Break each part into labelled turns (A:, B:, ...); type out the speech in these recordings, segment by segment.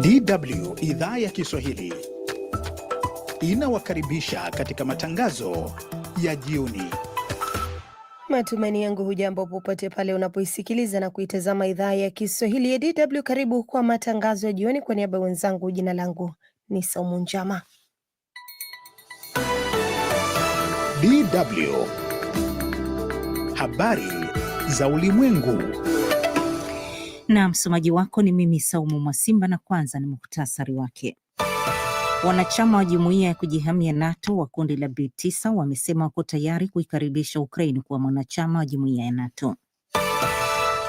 A: DW idhaa ya Kiswahili inawakaribisha katika matangazo ya jioni. Matumaini yangu hujambo popote pale unapoisikiliza na kuitazama idhaa ya Kiswahili ya DW. Karibu kwa matangazo ya jioni. Kwa niaba ya wenzangu, jina langu ni Saumu Njama.
B: DW habari za ulimwengu
C: na msomaji wako ni mimi Saumu Mwasimba, na kwanza ni muhtasari wake. Wanachama wa jumuiya ya kujihamia NATO wa kundi la B9 wamesema wako tayari kuikaribisha Ukraine kuwa mwanachama wa jumuiya ya NATO.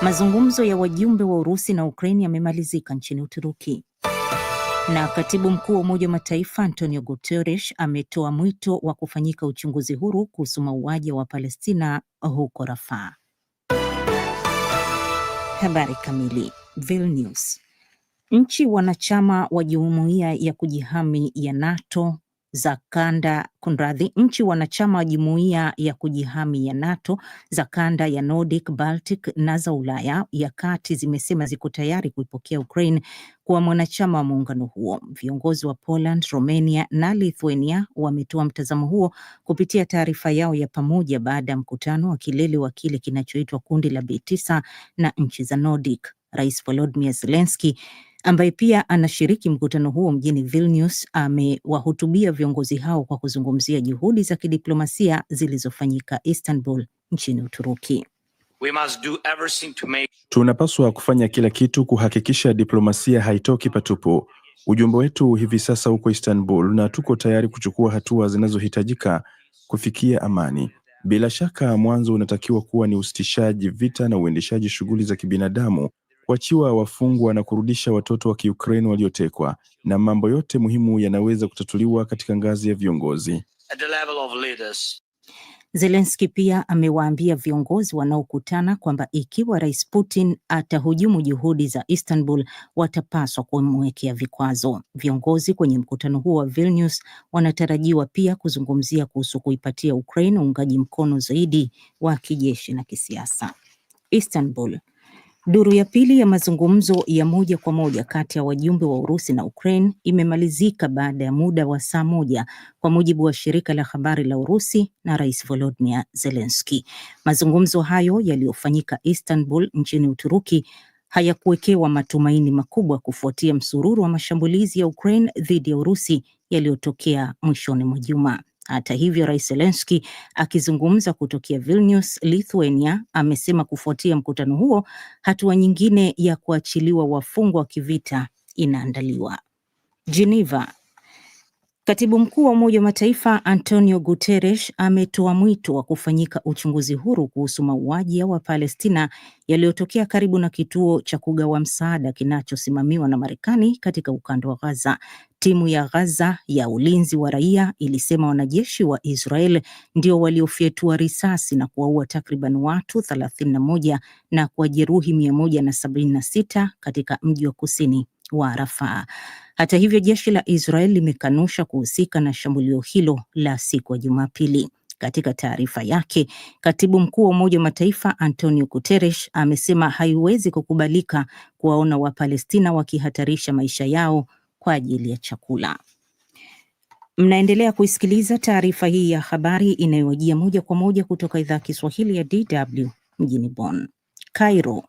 C: Mazungumzo ya wajumbe wa Urusi na Ukraine yamemalizika nchini Uturuki. Na katibu mkuu wa Umoja wa Mataifa Antonio Guterres ametoa mwito wa kufanyika uchunguzi huru kuhusu mauaji ya Wapalestina huko Rafaa. Habari kamili. Vilnius. Nchi wanachama wa jumuiya ya kujihami ya NATO za kanda kunradhi, nchi wanachama wa jumuiya ya kujihami ya NATO za kanda ya Nordic, Baltic na za Ulaya ya kati zimesema ziko tayari kuipokea Ukraine kuwa mwanachama wa muungano huo. Viongozi wa Poland, Romania na Lithuania wametoa mtazamo huo kupitia taarifa yao ya pamoja baada ya mkutano wa kilele wa kile kinachoitwa kundi la B9 na nchi za Nordic. Rais Volodymyr Zelensky ambaye pia anashiriki mkutano huo mjini Vilnius, amewahutubia viongozi hao kwa kuzungumzia juhudi za kidiplomasia zilizofanyika Istanbul nchini Uturuki.
D: Make... tunapaswa kufanya kila kitu kuhakikisha diplomasia haitoki patupu. Ujumbe wetu hivi sasa uko Istanbul na tuko tayari kuchukua hatua zinazohitajika kufikia amani. Bila shaka, mwanzo unatakiwa kuwa ni usitishaji vita na uendeshaji shughuli za kibinadamu kuachiwa wafungwa na kurudisha watoto wa Kiukraini waliotekwa, na mambo yote muhimu yanaweza kutatuliwa katika ngazi ya viongozi.
C: zelenski pia amewaambia viongozi wanaokutana kwamba ikiwa Rais Putin atahujumu juhudi za Istanbul watapaswa kumwekea vikwazo. Viongozi kwenye mkutano huo wa Vilnius wanatarajiwa pia kuzungumzia kuhusu kuipatia Ukraine uungaji mkono zaidi wa kijeshi na kisiasa. Istanbul Duru ya pili ya mazungumzo ya moja kwa moja kati ya wajumbe wa Urusi na Ukraine imemalizika baada ya muda wa saa moja kwa mujibu wa shirika la habari la Urusi na Rais Volodymyr Zelensky. Mazungumzo hayo yaliyofanyika Istanbul nchini Uturuki hayakuwekewa matumaini makubwa kufuatia msururu wa mashambulizi ya Ukraine dhidi ya Urusi yaliyotokea mwishoni mwa juma. Hata hivyo, Rais Zelensky akizungumza kutokea Vilnius, Lithuania, amesema kufuatia mkutano huo, hatua nyingine ya kuachiliwa wafungwa wa kivita inaandaliwa. Geneva, Katibu mkuu wa Umoja wa Mataifa Antonio Guterres ametoa mwito wa kufanyika uchunguzi huru kuhusu mauaji ya Wapalestina yaliyotokea karibu na kituo cha kugawa msaada kinachosimamiwa na Marekani katika ukanda wa Gaza. Timu ya Gaza ya ulinzi wa raia ilisema wanajeshi wa Israel ndio waliofyatua risasi na kuwaua takriban watu thelathini na moja kuwajeruhi sita katika mji wa kusini wa Rafaa. Hata hivyo, jeshi la Israel limekanusha kuhusika na shambulio hilo la siku ya Jumapili. Katika taarifa yake, katibu mkuu wa Umoja wa Mataifa Antonio Guterres amesema haiwezi kukubalika kuwaona Wapalestina wakihatarisha maisha yao kwa ajili ya chakula. Mnaendelea kuisikiliza taarifa hii ya habari inayowajia moja kwa moja kutoka idhaa ya Kiswahili ya DW mjini Bonn. Cairo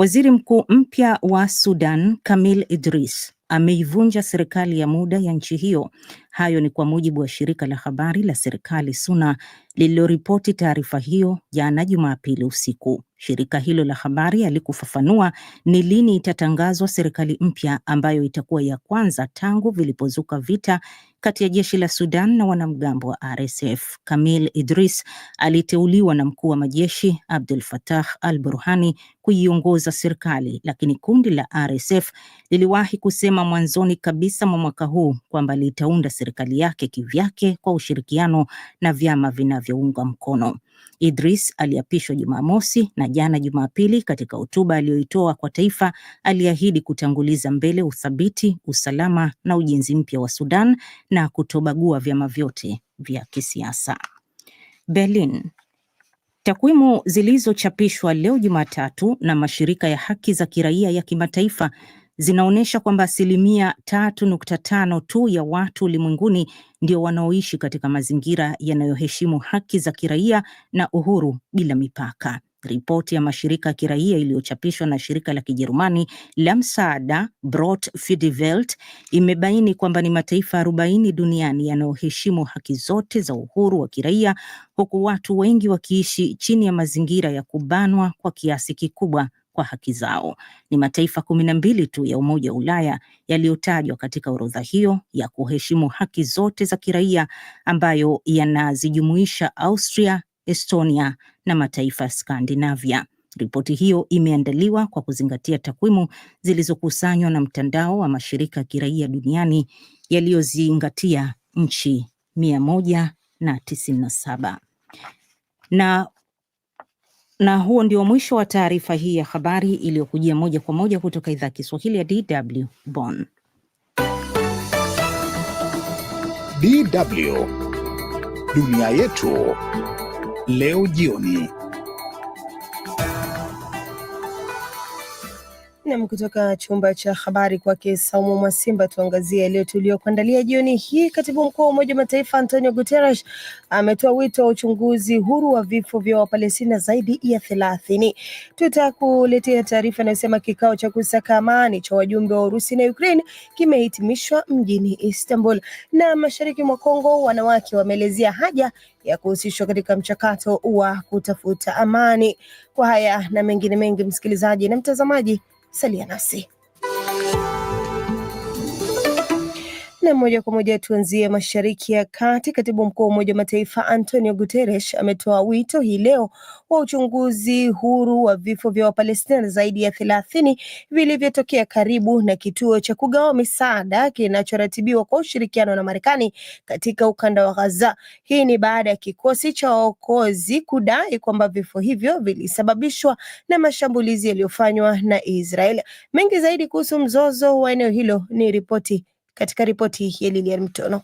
C: Waziri mkuu mpya wa Sudan Kamil Idris ameivunja serikali ya muda ya nchi hiyo. Hayo ni kwa mujibu wa shirika la habari la serikali SUNA lililoripoti taarifa hiyo jana Jumapili usiku. Shirika hilo la habari halikufafanua ni lini itatangazwa serikali mpya ambayo itakuwa ya kwanza tangu vilipozuka vita kati ya jeshi la Sudan na wanamgambo wa RSF. Kamil Idris aliteuliwa na mkuu wa majeshi Abdul fatah al-Burhani kuiongoza serikali, lakini kundi la RSF liliwahi kusema mwanzoni kabisa mwa mwaka huu kwamba litaunda serikali yake kivyake kwa ushirikiano na vyama vinavyounga mkono. Idris aliapishwa Jumamosi na jana Jumapili, katika hotuba aliyoitoa kwa taifa aliahidi kutanguliza mbele uthabiti, usalama na ujenzi mpya wa Sudan na kutobagua vyama vyote vya kisiasa. Berlin. Takwimu zilizochapishwa leo Jumatatu na mashirika ya haki za kiraia ya kimataifa zinaonyesha kwamba asilimia 3.5 tu ya watu ulimwenguni ndio wanaoishi katika mazingira yanayoheshimu haki za kiraia na uhuru bila mipaka. Ripoti ya mashirika ya kiraia iliyochapishwa na shirika la Kijerumani la msaada Brot die Welt imebaini kwamba ni mataifa arobaini duniani yanayoheshimu haki zote za uhuru wa kiraia, huku watu wengi wakiishi chini ya mazingira ya kubanwa kwa kiasi kikubwa kwa haki zao. Ni mataifa kumi na mbili tu ya Umoja wa Ulaya yaliyotajwa katika orodha hiyo ya kuheshimu haki zote za kiraia ambayo yanazijumuisha Austria, Estonia na mataifa ya Skandinavia. Ripoti hiyo imeandaliwa kwa kuzingatia takwimu zilizokusanywa na mtandao wa mashirika ya kiraia duniani yaliyozingatia nchi mia moja na tisini na saba na na huo ndio mwisho wa taarifa hii ya habari iliyokujia moja kwa moja kutoka idhaa Kiswahili ya DW Bonn.
B: DW Dunia Yetu Leo Jioni.
A: Platinum kutoka chumba cha habari kwake Saumu Mwasimba. Tuangazie yaliyo kuandalia jioni hii. Katibu mkuu wa Umoja wa Mataifa Antonio Guterres ametoa wito wa uchunguzi huru wa vifo vya Wapalestina zaidi ya thelathini. Tutakuletea taarifa inayosema kikao cha kusaka amani cha wajumbe wa Urusi na Ukraine kimehitimishwa mjini Istanbul. Na mashariki mwa Kongo, wanawake wameelezea haja ya kuhusishwa katika mchakato wa kutafuta amani. Kwa haya na mengine mengi, msikilizaji na mtazamaji Salia nasi. Na moja kwa moja tuanzie mashariki ya kati. Katibu mkuu wa Umoja wa Mataifa Antonio Guterres ametoa wito hii leo wa uchunguzi huru wa vifo vya Wapalestina zaidi ya thelathini vilivyotokea karibu na kituo cha kugawa misaada kinachoratibiwa kwa ushirikiano na Marekani katika ukanda wa Gaza. Hii ni baada ya kikosi cha waokozi kudai kwamba vifo hivyo vilisababishwa na mashambulizi yaliyofanywa na Israel. Mengi zaidi kuhusu mzozo wa eneo hilo ni ripoti katika ripoti ya Lilian Mtono.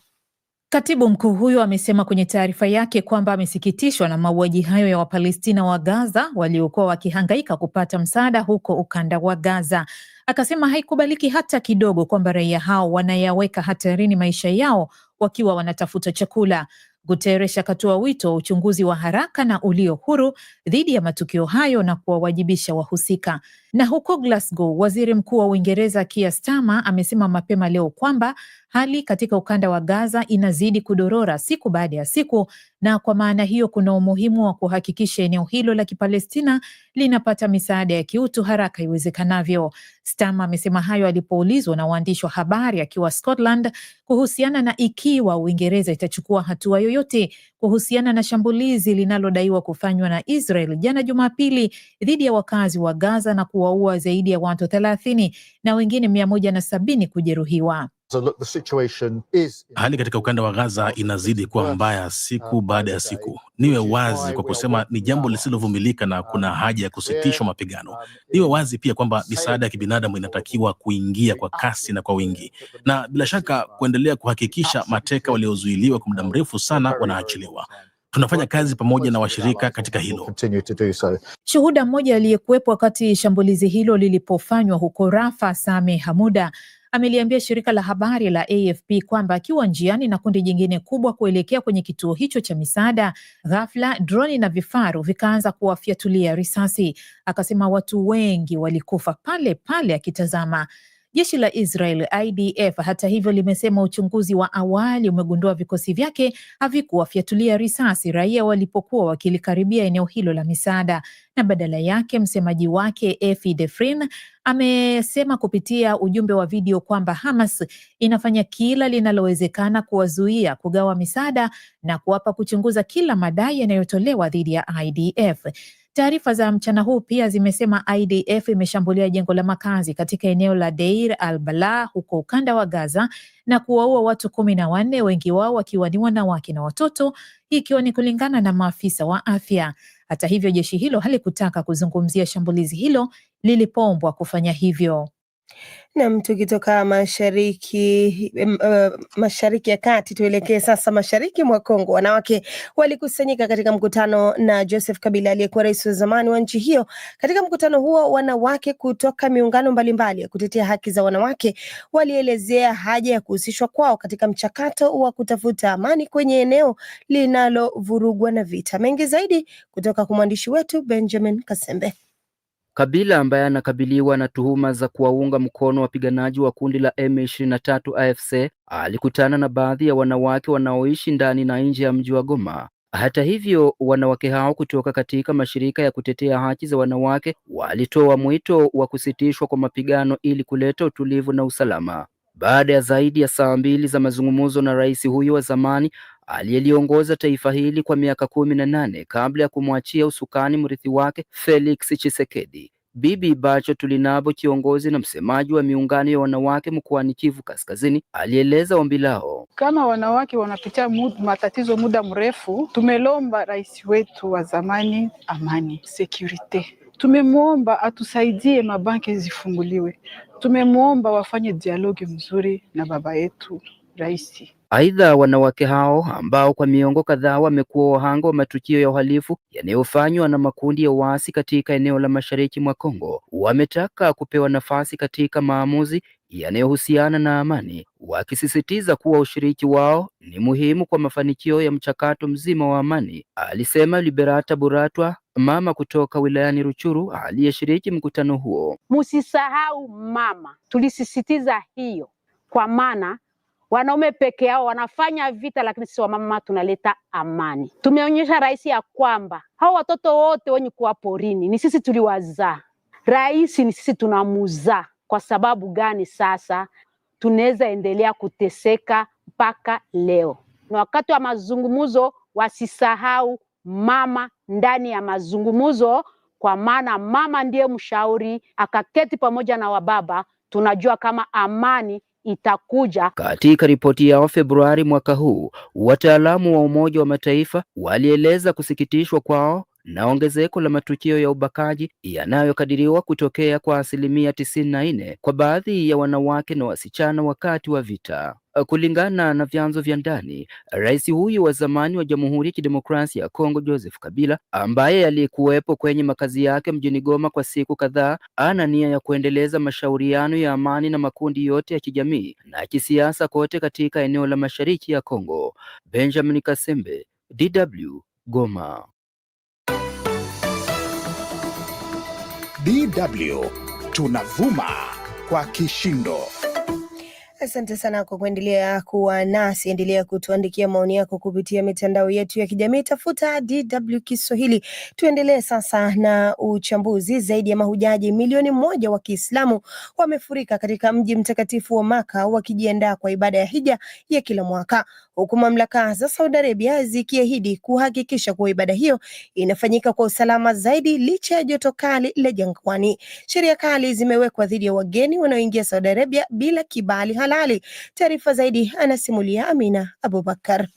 C: Katibu mkuu huyo amesema kwenye taarifa yake kwamba amesikitishwa na mauaji hayo ya Wapalestina wa Gaza waliokuwa wakihangaika kupata msaada huko ukanda wa Gaza. Akasema haikubaliki hata kidogo kwamba raia hao wanayaweka hatarini maisha yao wakiwa wanatafuta chakula. Guterres akatoa wito wa uchunguzi wa haraka na ulio huru dhidi ya matukio hayo na kuwawajibisha wahusika. Na huko Glasgow, waziri mkuu wa Uingereza Keir Starmer amesema mapema leo kwamba Hali katika ukanda wa Gaza inazidi kudorora siku baada ya siku, na kwa maana hiyo kuna umuhimu wa kuhakikisha eneo hilo la Kipalestina linapata misaada ya kiutu haraka iwezekanavyo. Stam amesema hayo alipoulizwa na waandishi wa habari akiwa Scotland kuhusiana na ikiwa Uingereza itachukua hatua yoyote kuhusiana na shambulizi linalodaiwa kufanywa na Israel jana Jumapili dhidi ya wakazi wa Gaza na kuwaua zaidi ya watu thelathini na wengine mia moja na sabini kujeruhiwa.
E: Hali katika ukanda wa Gaza inazidi kuwa mbaya siku baada ya siku. Niwe wazi kwa kusema ni jambo lisilovumilika na kuna haja ya kusitishwa mapigano. Um, Niwe wazi pia kwamba misaada ya kibinadamu inatakiwa kuingia kwa kasi na kwa wingi, na bila shaka um, kuendelea kuhakikisha mateka waliozuiliwa kwa muda mrefu sana wanaachiliwa. Tunafanya kazi pamoja na washirika katika hilo.
A: Shuhuda mmoja aliyekuwepo wakati shambulizi hilo lilipofanywa huko Rafa, Same Hamuda, ameliambia shirika la habari la AFP kwamba akiwa njiani na kundi jingine kubwa kuelekea kwenye kituo hicho cha misaada, ghafla droni na vifaru vikaanza kuwafyatulia risasi. Akasema watu wengi walikufa pale pale akitazama. Jeshi la Israel IDF hata hivyo limesema uchunguzi wa awali umegundua vikosi vyake havikuwafyatulia risasi raia walipokuwa wakilikaribia eneo hilo la misaada, na badala yake msemaji wake Efi Defrin amesema kupitia ujumbe wa video kwamba Hamas inafanya kila linalowezekana kuwazuia kugawa misaada na kuwapa kuchunguza kila madai yanayotolewa dhidi ya IDF. Taarifa za mchana huu pia zimesema IDF imeshambulia jengo la makazi katika eneo la Deir al Balah huko ukanda wa Gaza na kuwaua watu kumi na wanne, wengi wao wakiwa ni wanawake na watoto, ikiwa ni kulingana na maafisa wa afya. Hata hivyo, jeshi hilo halikutaka kuzungumzia shambulizi hilo lilipombwa kufanya hivyo nam tukitoka mashariki uh, mashariki ya kati tuelekee sasa mashariki mwa Kongo. Wanawake walikusanyika katika mkutano na Joseph Kabila aliyekuwa rais wa zamani wa nchi hiyo. Katika mkutano huo, wanawake kutoka miungano mbalimbali ya kutetea haki za wanawake walielezea haja ya kuhusishwa kwao katika mchakato wa kutafuta amani kwenye eneo linalovurugwa na vita. Mengi zaidi kutoka kwa mwandishi wetu Benjamin Kasembe.
F: Kabila ambaye anakabiliwa na tuhuma za kuwaunga mkono wapiganaji wa kundi la M23 AFC alikutana na baadhi ya wanawake wanaoishi ndani na nje ya mji wa Goma. Hata hivyo, wanawake hao kutoka katika mashirika ya kutetea haki za wanawake walitoa mwito wa kusitishwa kwa mapigano ili kuleta utulivu na usalama. Baada ya zaidi ya saa mbili za mazungumzo na rais huyo wa zamani aliyeliongoza taifa hili kwa miaka kumi na nane kabla ya kumwachia usukani mrithi wake Felix Tshisekedi. Bibi Bacho Tulinabo, kiongozi na msemaji wa miungano ya wanawake mkoani Kivu Kaskazini, alieleza ombi lao.
G: Kama wanawake wanapitia mud, matatizo muda mrefu, tumelomba rais wetu wa zamani amani, security. Tumemwomba atusaidie mabanki zifunguliwe, tumemwomba wafanye dialogi mzuri na baba yetu raisi
F: Aidha, wanawake hao ambao kwa miongo kadhaa wamekuwa wahanga wa matukio ya uhalifu yanayofanywa na makundi ya waasi katika eneo la mashariki mwa Kongo wametaka kupewa nafasi katika maamuzi yanayohusiana na amani, wakisisitiza kuwa ushiriki wao ni muhimu kwa mafanikio ya mchakato mzima wa amani, alisema Liberata Buratwa, mama kutoka wilayani Ruchuru aliyeshiriki mkutano huo.
H: Musisahau mama, tulisisitiza hiyo kwa maana wanaume peke yao wanafanya vita, lakini sisi wamama tunaleta amani. Tumeonyesha rais ya kwamba hao watoto wote wenye kuwa porini ni sisi tuliwazaa. Rais ni sisi tunamuzaa. Kwa sababu gani sasa tunaweza endelea kuteseka mpaka leo? Na wakati wa mazungumzo wasisahau mama ndani ya mazungumzo, kwa maana mama ndiye mshauri. Akaketi pamoja na wababa, tunajua kama amani itakuja.
F: Katika ripoti yao Februari mwaka huu, wataalamu wa Umoja wa Mataifa walieleza kusikitishwa kwao na ongezeko la matukio ya ubakaji yanayokadiriwa kutokea kwa asilimia tisini na nne kwa baadhi ya wanawake na wasichana wakati wa vita. Uh, kulingana na vyanzo vya ndani, rais huyu wa zamani wa Jamhuri ya Kidemokrasia ya Kongo Joseph Kabila, ambaye alikuwepo kwenye makazi yake mjini Goma kwa siku kadhaa, ana nia ya kuendeleza mashauriano ya amani na makundi yote ya kijamii na kisiasa kote katika eneo la Mashariki ya Kongo. Benjamin Kasembe, DW, Goma.
B: DW tunavuma kwa kishindo.
A: Asante sana kwa kuendelea kuwa nasi. Endelea kutuandikia maoni yako kupitia mitandao yetu ya kijamii, tafuta DW Kiswahili. Tuendelee sasa na uchambuzi zaidi. Ya mahujaji milioni moja wa Kiislamu wamefurika katika mji mtakatifu wa Maka wakijiandaa kwa ibada ya hija ya kila mwaka, huku mamlaka za Saudi Arabia zikiahidi kuhakikisha kuwa ibada hiyo inafanyika kwa usalama zaidi licha ya joto kali la jangwani. Sheria kali zimewekwa dhidi ya wageni wanaoingia Saudi Arabia bila kibali halali. Taarifa zaidi anasimulia Amina Abubakar.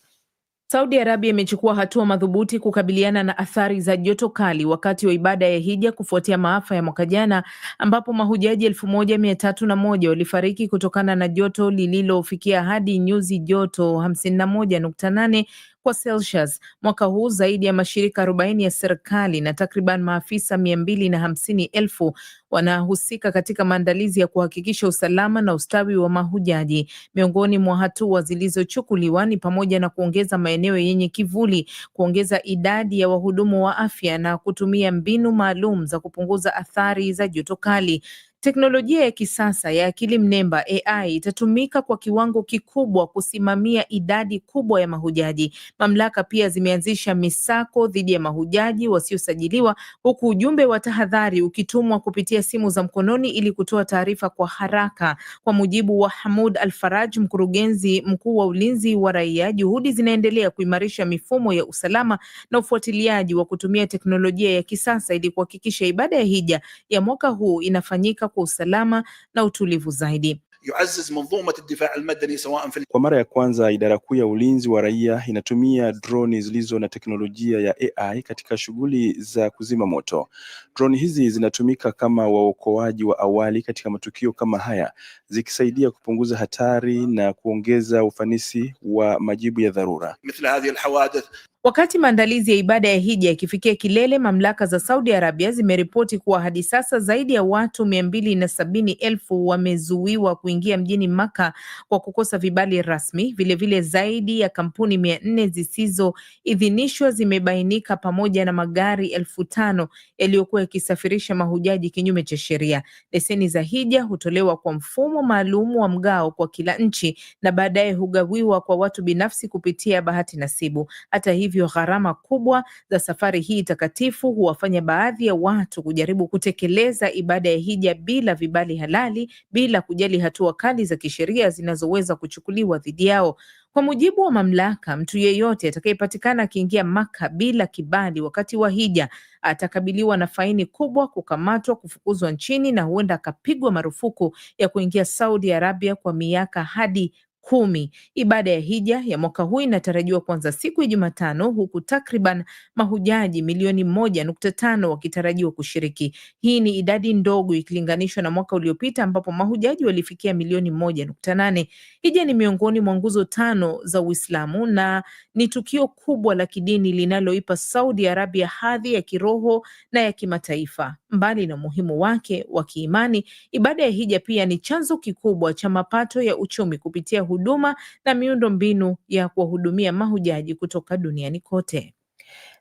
C: Saudi Arabia imechukua hatua madhubuti kukabiliana na athari za joto kali wakati wa ibada ya hija kufuatia maafa ya mwaka jana ambapo mahujaji elfu moja mia tatu na moja walifariki kutokana na joto lililofikia hadi nyuzi joto hamsini na moja nukta nane kwa Celsius. Mwaka huu zaidi ya mashirika arobaini ya serikali na takriban maafisa mia mbili na hamsini elfu wanahusika katika maandalizi ya kuhakikisha usalama na ustawi wa mahujaji. Miongoni mwa hatua zilizochukuliwa ni pamoja na kuongeza maeneo yenye kivuli, kuongeza idadi ya wahudumu wa afya na kutumia mbinu maalum za kupunguza athari za joto kali. Teknolojia ya kisasa ya akili mnemba AI itatumika kwa kiwango kikubwa kusimamia idadi kubwa ya mahujaji. Mamlaka pia zimeanzisha misako dhidi ya mahujaji wasiosajiliwa, huku ujumbe wa tahadhari ukitumwa kupitia simu za mkononi ili kutoa taarifa kwa haraka. Kwa mujibu wa Hamud alfaraj mkurugenzi mkuu wa ulinzi wa raia, juhudi zinaendelea kuimarisha mifumo ya usalama na ufuatiliaji wa kutumia teknolojia ya kisasa ili kuhakikisha ibada ya hija ya mwaka huu inafanyika kwa usalama na utulivu zaidi.
I: Kwa mara ya kwanza idara kuu ya ulinzi wa raia inatumia droni zilizo na teknolojia ya AI katika shughuli za kuzima moto. Droni hizi zinatumika kama waokoaji wa awali katika matukio kama haya, zikisaidia kupunguza hatari na kuongeza ufanisi wa majibu ya dharura.
C: Wakati maandalizi ya ibada ya hija yakifikia kilele, mamlaka za Saudi Arabia zimeripoti kuwa hadi sasa zaidi ya watu mia mbili na sabini elfu wamezuiwa kuingia mjini Maka kwa kukosa vibali rasmi. Vilevile, zaidi ya kampuni mia nne zisizoidhinishwa zimebainika pamoja na magari elfu tano yaliyokuwa yakisafirisha mahujaji kinyume cha sheria. Leseni za hija hutolewa kwa mfumo maalum wa mgao kwa kila nchi na baadaye hugawiwa kwa watu binafsi kupitia bahati nasibu. Hata hivyo hivyo gharama kubwa za safari hii takatifu huwafanya baadhi ya watu kujaribu kutekeleza ibada ya hija bila vibali halali, bila kujali hatua kali za kisheria zinazoweza kuchukuliwa dhidi yao. Kwa mujibu wa mamlaka, mtu yeyote atakayepatikana akiingia Maka bila kibali wakati wa hija atakabiliwa na faini kubwa, kukamatwa, kufukuzwa nchini na huenda akapigwa marufuku ya kuingia Saudi Arabia kwa miaka hadi kumi. Ibada ya hija ya mwaka huu inatarajiwa kuanza siku ya Jumatano, huku takriban mahujaji milioni moja nukta tano wakitarajiwa kushiriki. Hii ni idadi ndogo ikilinganishwa na mwaka uliopita ambapo mahujaji walifikia milioni moja nukta nane. Hija ni miongoni mwa nguzo tano za Uislamu na ni tukio kubwa la kidini linaloipa Saudi Arabia hadhi ya kiroho na ya kimataifa. Mbali na umuhimu wake wa kiimani, ibada ya hija pia ni chanzo kikubwa cha mapato ya uchumi kupitia huduma na miundo mbinu ya kuwahudumia mahujaji kutoka duniani kote.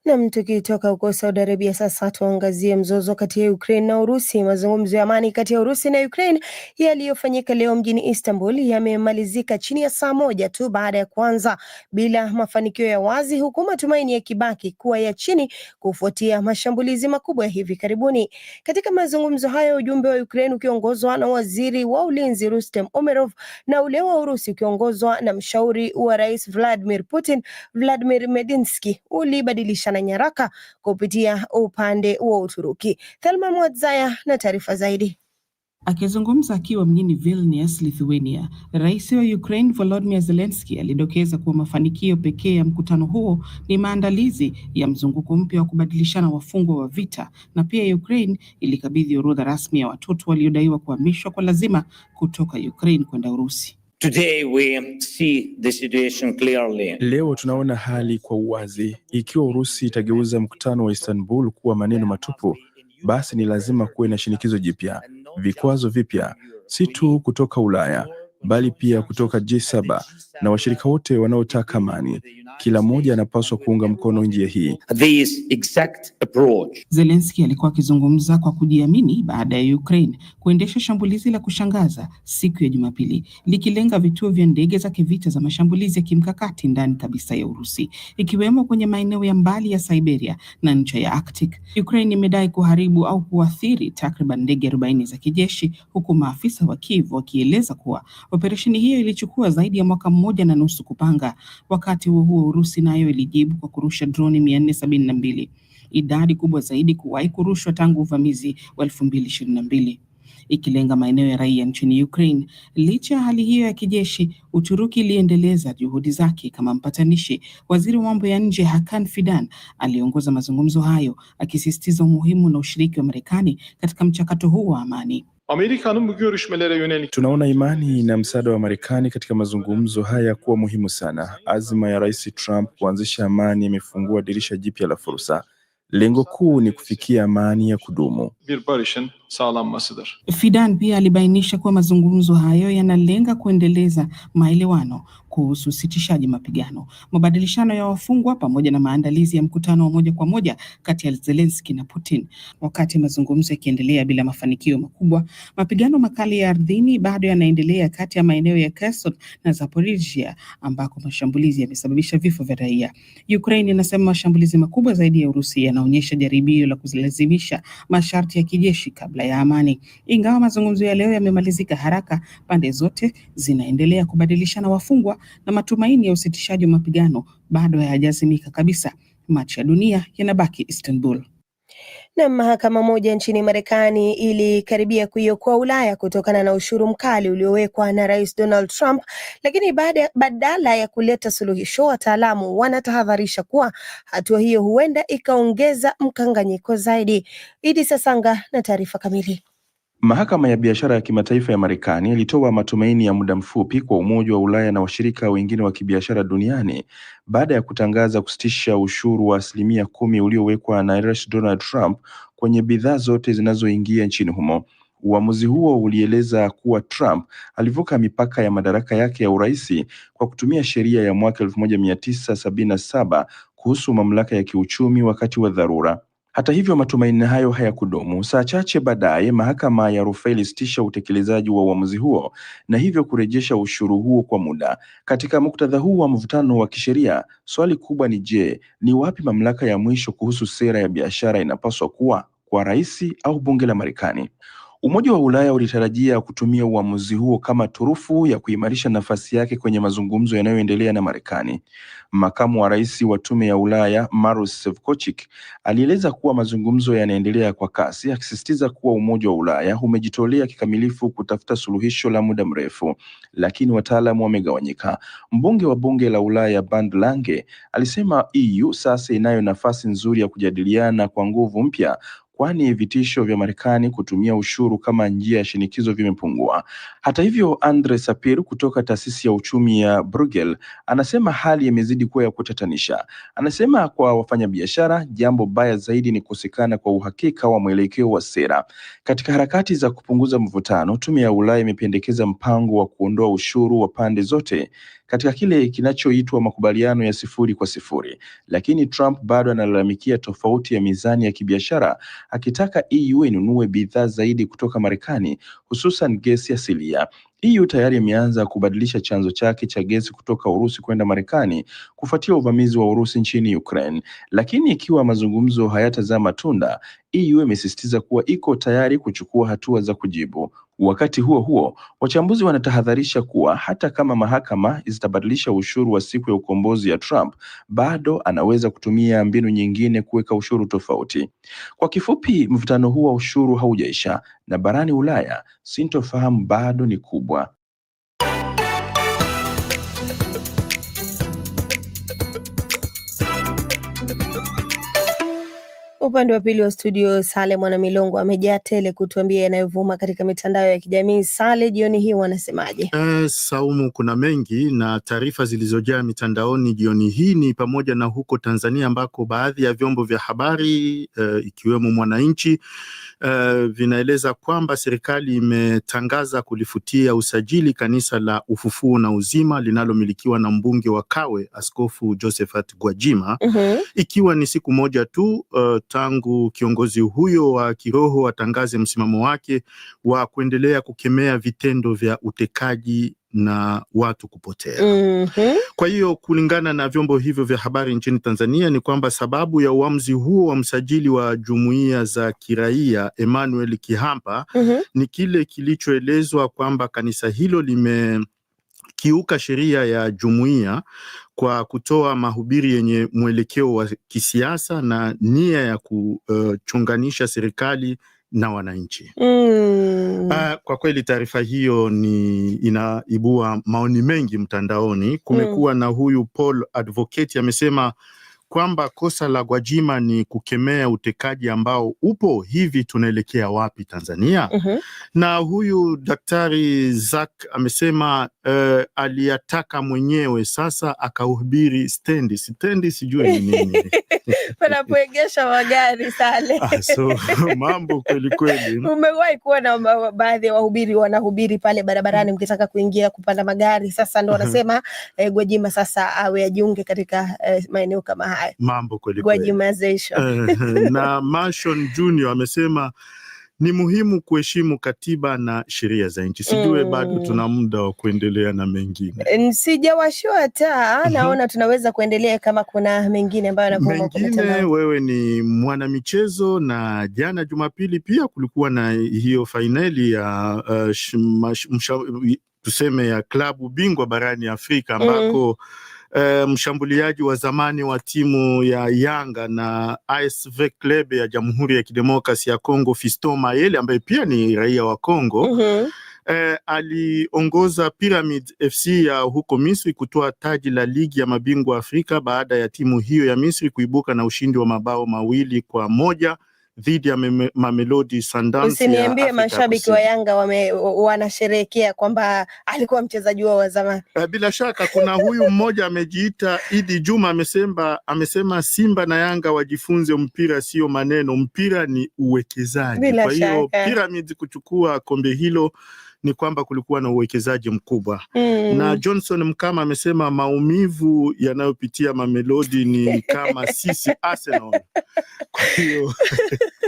A: Nam, tukitoka huko Saudi Arabia sasa tuangazie mzozo kati ya Ukraine na Urusi. Mazungumzo ya amani kati ya Urusi na Ukraine yaliyofanyika leo mjini Istanbul yamemalizika chini ya saa moja tu baada ya kuanza bila mafanikio ya wazi, huku matumaini yakibaki kuwa ya chini kufuatia mashambulizi makubwa ya hivi karibuni. Katika mazungumzo hayo, ujumbe wa Ukraine ukiongozwa na waziri wa ulinzi Rustem Umerov na ule wa Urusi ukiongozwa na mshauri wa rais Vladimir Putin Vladimir Medinsky ulibadilisha na nyaraka kupitia upande wa Uturuki. Thelma Mwadzaya na taarifa zaidi.
C: Akizungumza akiwa mjini Vilnius, Lithuania, rais wa Ukraine Volodymyr Zelensky alidokeza kuwa mafanikio pekee ya mkutano huo ni maandalizi ya mzunguko mpya wa kubadilishana wafungwa wa vita, na pia Ukraine ilikabidhi orodha rasmi ya watoto waliodaiwa kuhamishwa kwa lazima kutoka Ukraine kwenda Urusi.
J: Today we see the situation clearly. Leo tunaona hali kwa uwazi. Ikiwa Urusi itageuza mkutano wa Istanbul kuwa maneno matupu, basi ni lazima kuwe na shinikizo jipya, vikwazo vipya, si tu kutoka Ulaya bali pia kutoka G7 na washirika wote wanaotaka amani. Kila mmoja anapaswa kuunga mkono njia hii.
C: Zelensky alikuwa akizungumza kwa kujiamini baada ya Ukraine kuendesha shambulizi la kushangaza siku ya Jumapili likilenga vituo vya ndege za kivita za mashambulizi ya kimkakati ndani kabisa ya Urusi, ikiwemo kwenye maeneo ya mbali ya Siberia na ncha ya Arctic. Ukraine imedai kuharibu au kuathiri takriban ndege arobaini za kijeshi, huku maafisa wa Kiev wakieleza kuwa Operesheni hiyo ilichukua zaidi ya mwaka mmoja na nusu kupanga. Wakati huo huo, Urusi nayo ilijibu kwa kurusha droni mia nne sabini na mbili, idadi kubwa zaidi kuwahi kurushwa tangu uvamizi wa elfu mbili ishirini na mbili ikilenga maeneo ya raia nchini Ukraine. Licha ya hali hiyo ya kijeshi, Uturuki iliendeleza juhudi zake kama mpatanishi. Waziri wa mambo ya nje Hakan Fidan aliongoza mazungumzo hayo, akisisitiza umuhimu na ushiriki wa Marekani katika mchakato huu wa amani.
K: Amerika'nın bu görüşmelere yönelik... Tunaona imani na msaada wa Marekani katika mazungumzo haya kuwa muhimu sana. Azma ya Rais Trump kuanzisha amani imefungua dirisha jipya la fursa. Lengo kuu ni kufikia amani ya kudumu.
C: Fidan pia alibainisha kuwa mazungumzo hayo yanalenga kuendeleza maelewano, kuhusu usitishaji mapigano, mabadilishano ya wafungwa pamoja na maandalizi ya mkutano wa moja kwa moja kati ya Zelensky na Putin. Wakati mazungumzo yakiendelea bila mafanikio makubwa, mapigano makali ya ardhini bado yanaendelea kati ya maeneo ya Kherson na Zaporizhia ambako mashambulizi yamesababisha vifo vya raia. Ukraine inasema mashambulizi makubwa zaidi ya Urusi yanaonyesha jaribio la kuzilazimisha masharti ya kijeshi kabla ya amani. Ingawa mazungumzo ya leo yamemalizika haraka, pande zote zinaendelea kubadilishana wafungwa na matumaini ya usitishaji wa mapigano bado hayajazimika kabisa. Macho ya dunia yanabaki Istanbul.
A: Na mahakama moja nchini Marekani ilikaribia kuiokoa Ulaya kutokana na ushuru mkali uliowekwa na Rais Donald Trump, lakini baada, badala ya kuleta suluhisho, wataalamu wanatahadharisha kuwa hatua hiyo huenda ikaongeza mkanganyiko zaidi. Idi Sasanga na taarifa kamili.
K: Mahakama ya Biashara ya Kimataifa ya Marekani ilitoa matumaini ya muda mfupi kwa Umoja wa Ulaya na washirika wengine wa kibiashara duniani baada ya kutangaza kusitisha ushuru wa asilimia kumi uliowekwa na Rais Donald Trump kwenye bidhaa zote zinazoingia nchini humo. Uamuzi huo ulieleza kuwa Trump alivuka mipaka ya madaraka yake ya uraisi kwa kutumia sheria ya mwaka elfu moja mia tisa sabini na saba kuhusu mamlaka ya kiuchumi wakati wa dharura. Hata hivyo, matumaini hayo hayakudumu. Saa chache baadaye, mahakama ya rufaa ilisitisha utekelezaji wa uamuzi huo na hivyo kurejesha ushuru huo kwa muda. Katika muktadha huu wa mvutano wa kisheria, swali kubwa ni je, ni wapi mamlaka ya mwisho kuhusu sera ya biashara inapaswa kuwa, kwa rais au bunge la Marekani? Umoja wa Ulaya ulitarajia kutumia uamuzi huo kama turufu ya kuimarisha nafasi yake kwenye mazungumzo yanayoendelea na Marekani. Makamu wa Rais wa Tume ya Ulaya, Maros Sefcovic, alieleza kuwa mazungumzo yanaendelea kwa kasi, akisisitiza kuwa Umoja wa Ulaya umejitolea kikamilifu kutafuta suluhisho la muda mrefu, lakini wataalamu wamegawanyika. Mbunge wa Bunge la Ulaya, Bernd Lange, alisema EU sasa inayo nafasi nzuri ya kujadiliana kwa nguvu mpya kwani vitisho vya Marekani kutumia ushuru kama njia ya shinikizo vimepungua. Hata hivyo, Andre Sapir kutoka taasisi ya uchumi ya Bruegel anasema hali imezidi kuwa ya kutatanisha. Anasema kwa wafanyabiashara, jambo baya zaidi ni kukosekana kwa uhakika wa mwelekeo wa sera. Katika harakati za kupunguza mvutano, tume ya Ulaya imependekeza mpango wa kuondoa ushuru wa pande zote katika kile kinachoitwa makubaliano ya sifuri kwa sifuri, lakini Trump bado analalamikia tofauti ya mizani ya kibiashara, akitaka EU inunue bidhaa zaidi kutoka Marekani, hususan gesi asilia. EU tayari imeanza kubadilisha chanzo chake cha gesi kutoka Urusi kwenda Marekani kufuatia uvamizi wa Urusi nchini Ukraine. Lakini ikiwa mazungumzo hayatazaa matunda, EU imesisitiza kuwa iko tayari kuchukua hatua za kujibu. Wakati huo huo, wachambuzi wanatahadharisha kuwa hata kama mahakama zitabadilisha ushuru wa siku ya ukombozi ya Trump, bado anaweza kutumia mbinu nyingine kuweka ushuru tofauti. Kwa kifupi, mvutano huu wa ushuru haujaisha na barani Ulaya sintofahamu bado ni kubwa.
A: Upande wa pili wa studio Sale Mwana Milongo amejaa tele kutuambia yanayovuma katika mitandao ya kijamii. Sale, jioni hii wanasemaje?
L: Eh, Saumu, kuna mengi na taarifa zilizojaa mitandaoni jioni hii ni pamoja na huko Tanzania ambako baadhi ya vyombo vya habari eh, ikiwemo Mwananchi eh, vinaeleza kwamba serikali imetangaza kulifutia usajili kanisa la Ufufuo na Uzima linalomilikiwa na mbunge wa Kawe Askofu Josephat Gwajima mm -hmm. ikiwa ni siku moja tu uh, tangu kiongozi huyo wa kiroho atangaze msimamo wake wa kuendelea kukemea vitendo vya utekaji na watu kupotea. mm -hmm. Kwa hiyo kulingana na vyombo hivyo vya habari nchini Tanzania ni kwamba sababu ya uamuzi huo wa msajili wa jumuiya za kiraia Emmanuel Kihampa mm -hmm. ni kile kilichoelezwa kwamba kanisa hilo lime kiuka sheria ya jumuiya kwa kutoa mahubiri yenye mwelekeo wa kisiasa na nia ya kuchunganisha uh, serikali na wananchi mm. Uh, kwa kweli taarifa hiyo ni inaibua maoni mengi mtandaoni. Kumekuwa mm. na huyu Paul Advocate amesema kwamba kosa la Gwajima ni kukemea utekaji ambao upo hivi, tunaelekea wapi Tanzania? mm -hmm. Na huyu daktari Zak amesema uh, aliyataka mwenyewe, sasa akahubiri stendi stendi, sijui ni nini
A: panapoegesha magari Sale.
L: Ah, so, mambo kweli kweli.
A: Umewahi kuona baadhi ya wahubiri wanahubiri pale barabarani, mkitaka kuingia kupanda magari, sasa ndo mhm. wanasema uh -huh. eh, Gwajima sasa awe ajiunge katika eh, maeneo kama haya haya
L: mambo kweli kweli. Na Mashon Junior amesema ni muhimu kuheshimu katiba na sheria za nchi. Sijue mm. bado tuna muda wa kuendelea na mengine,
A: sijawashoa taa. Mhm. Naona tunaweza kuendelea kama kuna mengine
L: ambayo mengine. Wewe ni mwanamichezo, na jana Jumapili pia kulikuwa na hiyo fainali ya uh, tuseme ya klabu bingwa barani Afrika mm. ambako mm e, mshambuliaji wa zamani wa timu ya Yanga na ASV Club ya Jamhuri ya Kidemokrasi ya congo Fiston Mayele ambaye pia ni raia wa congo mm -hmm. Eh, aliongoza Pyramid FC ya huko Misri kutoa taji la ligi ya mabingwa Afrika baada ya timu hiyo ya Misri kuibuka na ushindi wa mabao mawili kwa moja dhidi ya Mamelodi Sundowns.
A: Usiniambie mashabiki wa Yanga wame, wanasherehekea kwamba alikuwa mchezaji wao wa zamani.
L: Eh, bila shaka kuna huyu mmoja amejiita Idi Juma amesema, amesema Simba na Yanga wajifunze mpira sio maneno, mpira ni uwekezaji. Kwa hiyo Pyramids kuchukua kombe hilo ni kwamba kulikuwa na uwekezaji mkubwa mm. Na Johnson Mkama amesema maumivu yanayopitia Mamelodi ni kama sisi Arsenal, kwa hiyo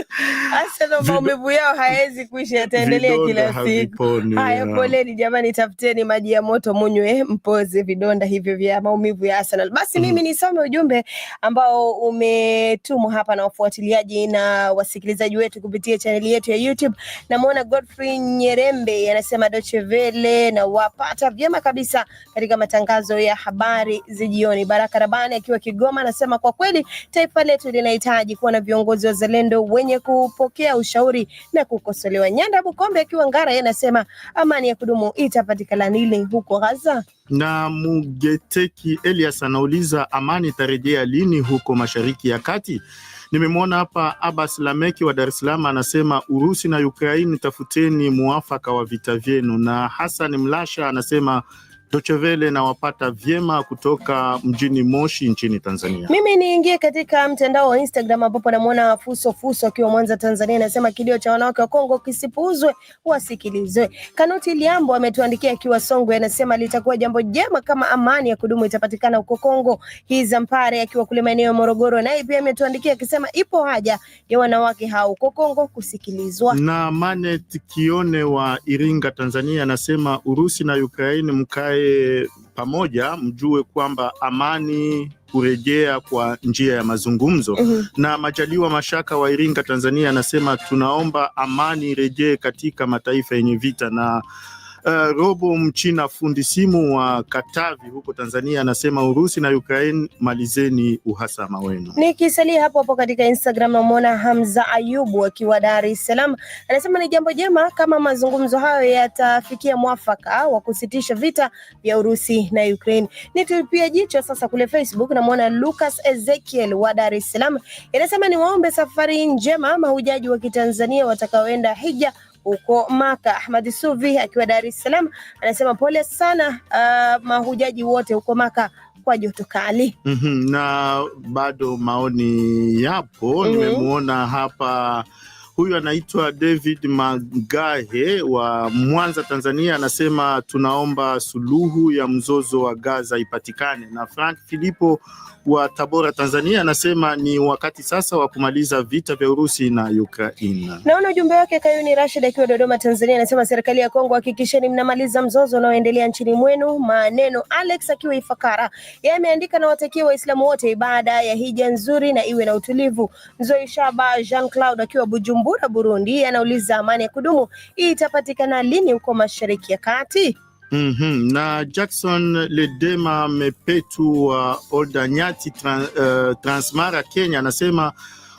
A: Arsenal maumivu yao hayawezi kuisha, yataendelea kila siku. Haya, poleni jamani, tafuteni maji ya moto munywe, mpoze vidonda hivyo vya maumivu ya Arsenal. Basi mm. mimi nisome ujumbe ambao umetumwa hapa na wafuatiliaji na wasikilizaji wetu kupitia chaneli yetu ya YouTube. Namwona Godfrey Nyerembe anasema Deutsche Welle na wapata vyema kabisa katika matangazo ya habari za jioni. Baraka Rabani akiwa Kigoma anasema kwa kweli taifa letu linahitaji kuwa na viongozi wazalendo wenye kupo kupokea ushauri na kukosolewa. Nyanda Bukombe akiwa Ngara, anasema amani ya kudumu itapatikana lini huko Gaza?
L: Na Mugeteki Elias anauliza amani itarejea lini huko Mashariki ya Kati? Nimemwona hapa Abbas Lameki wa Dar es Salaam anasema Urusi na Ukraini, tafuteni muafaka wa vita vyenu. Na Hassan Mlasha anasema tochevele nawapata vyema kutoka mjini Moshi nchini Tanzania.
A: Mimi niingie katika mtandao wa Instagram ambapo namwona Fuso Fuso akiwa Mwanza, Tanzania, anasema kilio cha wanawake wa Kongo kisipuuzwe, wasikilizwe. Kanuti Liambo ametuandikia akiwa Songwe, anasema litakuwa jambo jema kama amani ya kudumu itapatikana huko Kongo. Hii Zampare akiwa kule maeneo ya Morogoro, naye pia ametuandikia akisema ipo haja ya wanawake hao huko Kongo kusikilizwa.
L: Na Manet Kione wa Iringa, Tanzania, anasema Urusi na ukraini mkae mkae pamoja, mjue kwamba amani kurejea kwa njia ya mazungumzo. mm -hmm. Na Majaliwa Mashaka wa Iringa, Tanzania, anasema tunaomba amani irejee katika mataifa yenye vita na Uh, Robo Mchina fundi simu wa Katavi huko Tanzania anasema Urusi na Ukraine malizeni uhasama wenu.
A: Nikisalia hapo hapo katika Instagram namwona Hamza Ayubu akiwa Dar es Salaam anasema ni jambo jema kama mazungumzo hayo yatafikia mwafaka wa kusitisha vita vya Urusi na Ukraine. Nitupia jicho sasa kule Facebook namwona Lucas Ezekiel wa Dar es Salaam anasema ni waombe safari njema mahujaji wa Kitanzania watakaoenda hija huko Maka. Ahmad Suvi akiwa Dar es Salaam anasema pole sana uh, mahujaji wote huko Maka kwa joto kali.
L: mm -hmm. Na bado maoni yapo. mm -hmm. Nimemwona hapa huyu anaitwa David Magahe wa Mwanza, Tanzania, anasema tunaomba suluhu ya mzozo wa Gaza ipatikane. Na Frank Filipo wa Tabora, Tanzania, anasema ni wakati sasa wa kumaliza vita vya Urusi na Ukraine.
A: Naona ujumbe wake Kayuni Rashid akiwa Dodoma, Tanzania, anasema serikali ya Kongo, hakikisheni mnamaliza mzozo unaoendelea nchini mwenu. Maneno Alex akiwa Ifakara, yeye ameandika na watakia Waislamu wote ibada ya hija nzuri na iwe na utulivu. Mzoi Shaba Jean Claude akiwa Bujumbura, Burundi, anauliza amani ya kudumu hii itapatikana lini huko Mashariki ya Kati?
L: Mm -hmm. Na Jackson Ledema Mepetu wa uh, Oldanyati trans, uh, eh, Transmara Kenya anasema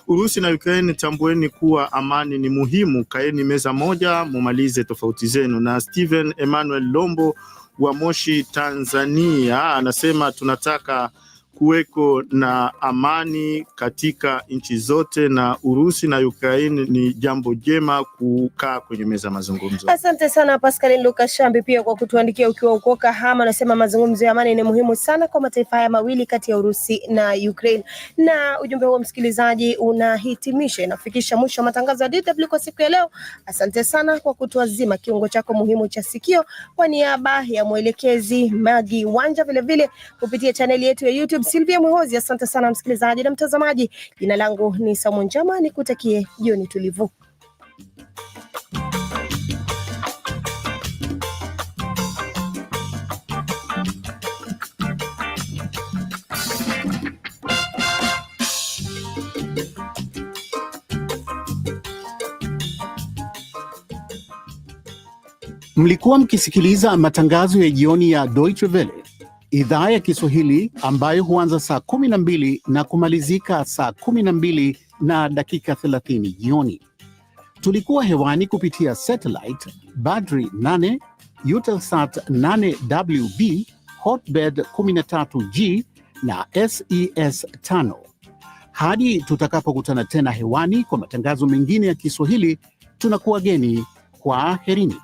L: Urusi na Ukraine, tambueni kuwa amani ni muhimu, kaeni meza moja mumalize tofauti zenu. Na Steven Emmanuel Lombo wa Moshi Tanzania anasema tunataka kuweko na amani katika nchi zote, na Urusi na Ukraine ni jambo jema kukaa kwenye meza ya mazungumzo.
A: Asante sana Pascal Lukashambi pia kwa kutuandikia ukiwa uko Kahama. Anasema mazungumzo ya amani ni muhimu sana kwa mataifa haya mawili kati ya Urusi na Ukraine. Na ujumbe huo msikilizaji, unahitimisha inafikisha mwisho wa matangazo ya DW kwa siku ya leo. Asante sana kwa kutuazima kiungo chako muhimu cha sikio, kwa niaba ya mwelekezi Magi Wanja, vilevile kupitia chaneli yetu ya YouTube Silvia Mwehozi. Asante sana msikilizaji na mtazamaji, jina langu ni samu Njama, nikutakie jioni tulivu.
C: Mlikuwa mkisikiliza matangazo ya jioni ya Deutsche Welle idhaa ya Kiswahili ambayo huanza saa kumi na mbili na kumalizika saa kumi na mbili na dakika 30 jioni. Tulikuwa hewani kupitia satellite Badri 8, Eutelsat 8WB, Hotbird 13G na SES 5. E Hadi tutakapokutana tena hewani kwa matangazo mengine ya Kiswahili, tunakuwa geni. herini